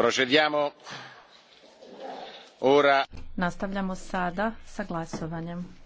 Procediamo Nastavljamo sada sa glasovanjem.